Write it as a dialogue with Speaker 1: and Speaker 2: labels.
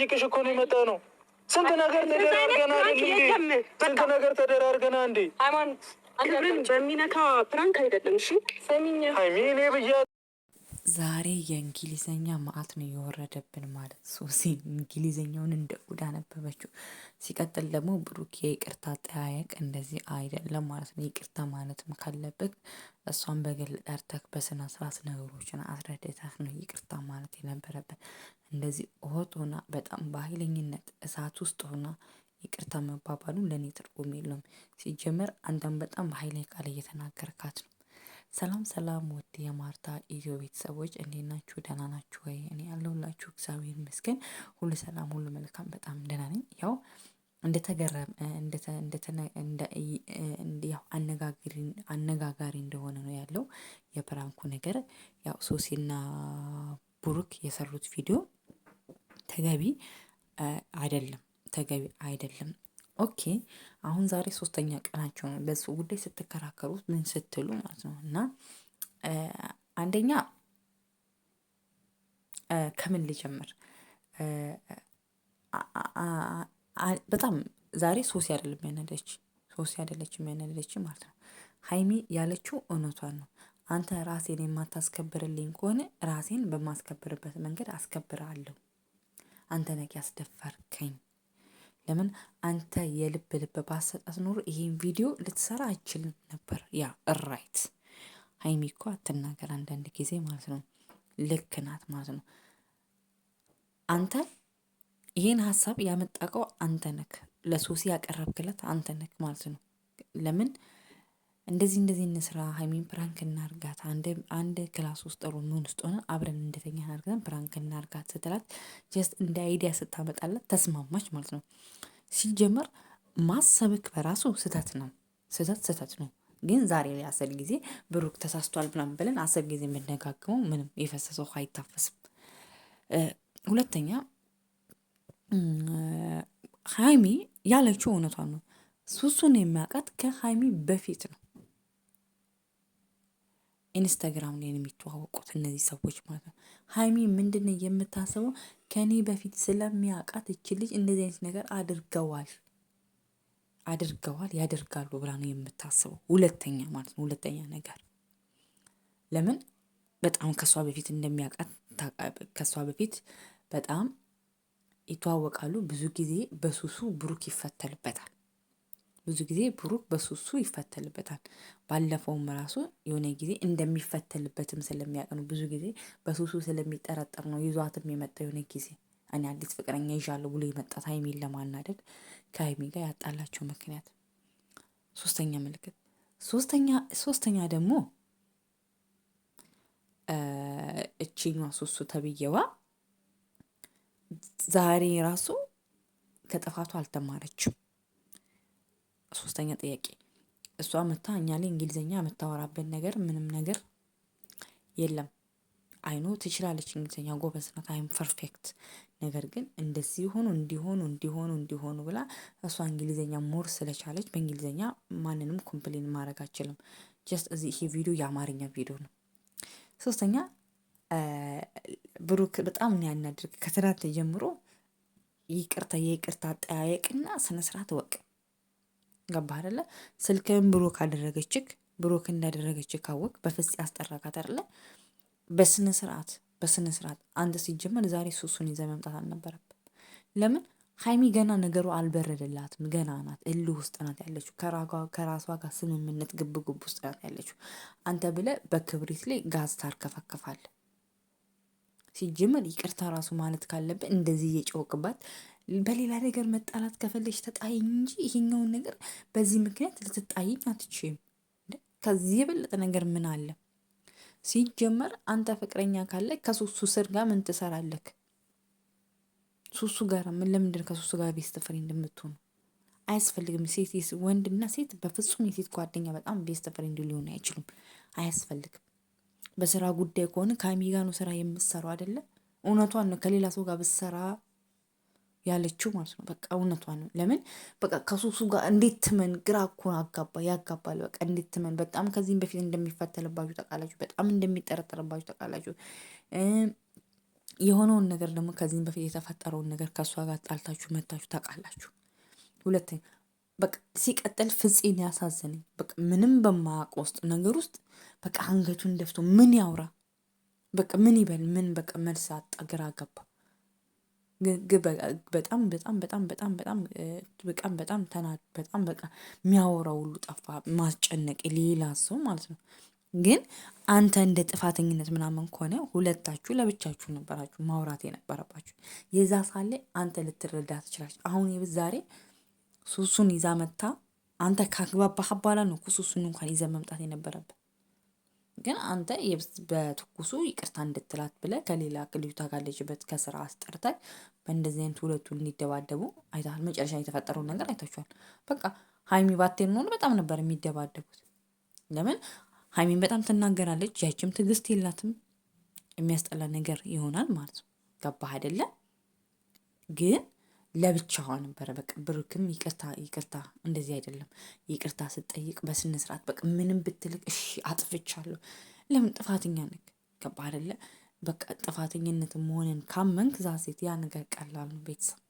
Speaker 1: ልጠይቅሽ እኮ ነው የመጣ ነው። ስንት ነገር ተደራርገና ስንት ነገር
Speaker 2: ተደራርገና እንዴ ክብርን በሚነካ ፕራንክ አይደለም። እሺ ሰሚኛ ሀይሚኔ ብያ ዛሬ የእንግሊዘኛ ማአት ነው የወረደብን ማለት ሶሲ እንግሊዘኛውን እንደ ጉድ አነበበችው። ሲቀጥል ደግሞ ብሩኬ ይቅርታ ጠያየቅ እንደዚህ አይደለም ማለት ነው። ይቅርታ ማለትም ካለበት እሷን በግል ጠርተክ በስነ ስርዓት ነገሮችን አስረድተህ ነው ይቅርታ ማለት የነበረበት። እንደዚህ ሆት ሆና በጣም በኃይለኝነት እሳት ውስጥ ሆና ይቅርታ መባባሉ ለእኔ ትርጉም የለውም። ሲጀመር አንተም በጣም በሃይሌ ቃል እየተናገርካት ነው። ሰላም ሰላም ውድ የማርታ ኢትዮ ቤተሰቦች እንዴት ናችሁ? ደህና ናችሁ ወይ? እኔ ያለሁላችሁ እግዚአብሔር ይመስገን ሁሉ ሰላም፣ ሁሉ መልካም፣ በጣም ደህና ነኝ። ያው እንደተገረም አነጋጋሪ እንደሆነ ነው ያለው የፕራንኩ ነገር ያው ሶሲና ብሩክ የሰሩት ቪዲዮ ተገቢ አይደለም ተገቢ አይደለም። ኦኬ አሁን ዛሬ ሶስተኛ ቀናቸው ነው በሱ ጉዳይ ስትከራከሩ ምን ስትሉ ማለት ነው። እና አንደኛ ከምን ልጀምር? በጣም ዛሬ ሶሲ አይደለም ያናደች ሶሲ አይደለችም ያናደች ማለት ነው። ሀይሚ ያለችው እውነቷን ነው። አንተ ራሴን የማታስከብርልኝ ከሆነ ራሴን በማስከብርበት መንገድ አስከብራለሁ አንተ ነቅ ያስደፈርከኝ። ለምን አንተ የልብ ልብ ባሰጣት ኖሮ ይሄን ቪዲዮ ልትሰራ አይችልም ነበር። ያ እራይት ሀይሚ እኮ አትናገር አንዳንድ ጊዜ ማለት ነው። ልክ ናት ማለት ነው። አንተ ይህን ሀሳብ ያመጣቀው አንተ ነክ ለሶሲ ያቀረብክለት አንተ ነክ ማለት ነው። ለምን እንደዚህ እንደዚህ እንስራ ሀይሚን ፕራንክ እናርጋት፣ አንድ ክላስ ውስጥ ሩም ውስጥ ሆነ አብረን እንደተኛ አርገን ፕራንክ እናርጋት ስትላት ጀስት እንደ አይዲያ ስታመጣላት ተስማማች ማለት ነው። ሲጀመር ማሰብክ በራሱ ስህተት ነው። ስህተት ስህተት ነው። ግን ዛሬ ላይ አስር ጊዜ ብሩክ ተሳስቷል ምናምን ብለን አስር ጊዜ የምነጋግመው ምንም የፈሰሰው ውሃ አይታፈስም። ሁለተኛ ሀይሚ ያለችው እውነቷን ነው። ሱሱን የሚያውቃት ከሀይሚ በፊት ነው። ኢንስታግራም ላይ ነው የሚተዋወቁት እነዚህ ሰዎች ማለት ነው። ሀይሚ ምንድነው የምታስበው? ከእኔ በፊት ስለሚያውቃት እች ልጅ እንደዚህ አይነት ነገር አድርገዋል አድርገዋል ያደርጋሉ ብላ ነው የምታስበው። ሁለተኛ ማለት ነው ሁለተኛ ነገር ለምን በጣም ከእሷ በፊት እንደሚያውቃት ከእሷ በፊት በጣም ይተዋወቃሉ። ብዙ ጊዜ በሱሱ ብሩክ ይፈተልበታል። ብዙ ጊዜ ብሩክ በሱሱ ይፈተልበታል። ባለፈውም ራሱ የሆነ ጊዜ እንደሚፈተልበትም ስለሚያውቅ ነው። ብዙ ጊዜ በሱሱ ስለሚጠረጠር ነው ይዟትም የመጣ የሆነ ጊዜ እኔ አዲስ ፍቅረኛ ይዣለሁ ብሎ የመጣት ሀይሚን ለማናደድ ከሀይሚ ጋር ያጣላቸው ምክንያት ሶስተኛ ምልክት ሶስተኛ ደግሞ እቺኛ ሱሱ ተብዬዋ ዛሬ ራሱ ከጥፋቱ አልተማረችም። ሶስተኛ ጥያቄ እሷ መታ እኛ ላይ እንግሊዝኛ የምታወራበት ነገር ምንም ነገር የለም። አይኖ ትችላለች እንግሊዝኛ ጎበዝ ናት። አይም ፐርፌክት። ነገር ግን እንደዚህ ሆኑ እንዲሆኑ እንዲሆኑ እንዲሆኑ ብላ እሷ እንግሊዝኛ ሞር ስለቻለች በእንግሊዝኛ ማንንም ኮምፕሌን ማድረግ አችልም። ጀስት እዚህ ይሄ ቪዲዮ የአማርኛ ቪዲዮ ነው። ሶስተኛ ብሩክ በጣም ነው ያናድርግ። ከትናንት ጀምሮ ይቅርታ የይቅርታ አጠያየቅና ስነስርዓት ወቅ ገባህ አይደለ? ስልክህን ብሎክ አደረገችክ። ብሎክ እንዳደረገች ካወቅ በፍጽ ያስጠራካት አይደለ? በስነ ስርዓት በስነ ስርዓት አንተ ሲጀመር ዛሬ ሱሱን ይዘህ መምጣት አልነበረብም። ለምን ሀይሚ ገና ነገሩ አልበረደላትም። ገና ናት፣ እልህ ውስጥ ናት ያለችው። ከራሷ ጋር ስምምነት ግብግብ ውስጥ ናት ያለችው። አንተ ብለህ በክብሪት ላይ ጋዝ ታርከፈክፋለህ። ሲጀመር ይቅርታ ራሱ ማለት ካለብን እንደዚህ እየጨወቅባት በሌላ ነገር መጣላት ከፈለሽ ተጣይኝ እንጂ ይሄኛውን ነገር በዚህ ምክንያት ልትጣይኝ አትችይም። ከዚህ የበለጠ ነገር ምን አለ? ሲጀመር አንተ ፍቅረኛ ካለ ከሱሱ ስር ጋር ምን ትሰራለክ? ሱሱ ጋር ምን ለምንድን ከሱሱ ጋር ቤስት ፍሬንድ የምትሆኑ? አያስፈልግም። ሴት ወንድና ሴት በፍጹም የሴት ጓደኛ በጣም ቤስት ፍሬንድ ሊሆን አይችሉም። አያስፈልግም። በስራ ጉዳይ ከሆነ ከሀይሚ ጋር ነው ስራ የምትሰራው አይደለም። እውነቷን ነው ከሌላ ሰው ጋር ብትሰራ ያለችው ማለት ነው። በቃ እውነቷ ነው። ለምን በቃ ከሱሱ ጋር እንዴት ትመን ግራ እኮ አጋባ ያጋባል። በቃ እንዴት ትመን በጣም ከዚህም በፊት እንደሚፈተልባችሁ ተቃላችሁ፣ በጣም እንደሚጠረጠርባችሁ ተቃላችሁ። የሆነውን ነገር ደግሞ ከዚህም በፊት የተፈጠረውን ነገር ከእሷ ጋር ጣልታችሁ መታችሁ ታውቃላችሁ። ሁለተኛ በቃ ሲቀጥል ፍፄን ያሳዘነኝ በቃ ምንም በማያውቅ ውስጥ ነገር ውስጥ በቃ አንገቱን ደፍቶ ምን ያውራ በቃ ምን ይበል ምን በቃ መልስ አጣ፣ ግራ ገባ። በጣም በጣም በጣም በጣም በጣም በጣም በጣም ተና በጣም በቃ የሚያወራ ሁሉ ጠፋ። ማስጨነቅ ሌላ ሰው ማለት ነው። ግን አንተ እንደ ጥፋተኝነት ምናምን ከሆነ ሁለታችሁ ለብቻችሁ ነበራችሁ ማውራት የነበረባችሁ። የዛ ሳለ አንተ ልትረዳ ትችላችሁ። አሁን ዛሬ ሱሱን ይዛ መታ አንተ ካግባባህ በኋላ ነው ሱሱን እንኳን ይዘ መምጣት የነበረብህ። ግን አንተ በትኩሱ ይቅርታ እንድትላት ብለህ ከሌላ ልጅቷ ካለችበት ከስራ አስጠርተህ በእንደዚህ አይነት ሁለቱ እንዲደባደቡ አይተሃል። መጨረሻ የተፈጠረውን ነገር አይታችኋል። በቃ ሀይሚ ባቴ ሆነ በጣም ነበር የሚደባደቡት። ለምን ሀይሚን በጣም ትናገራለች፣ ያችም ትዕግስት የላትም። የሚያስጠላ ነገር ይሆናል ማለት ነው። ገባህ አይደለም ግን ለብቻዋ ነበረ። በቃ ብሩክም ይቅርታ ይቅርታ እንደዚህ አይደለም ይቅርታ ስጠይቅ በስነ ስርዓት በቃ ምንም ብትልቅ እሺ አጥፍቻለሁ፣ ለምን ጥፋተኛ ነክ ገባ አደለ? በቃ ጥፋተኝነት መሆንን ካመንክ ዛ ሴት ያ ነገር ቀላል ነው ቤተሰብ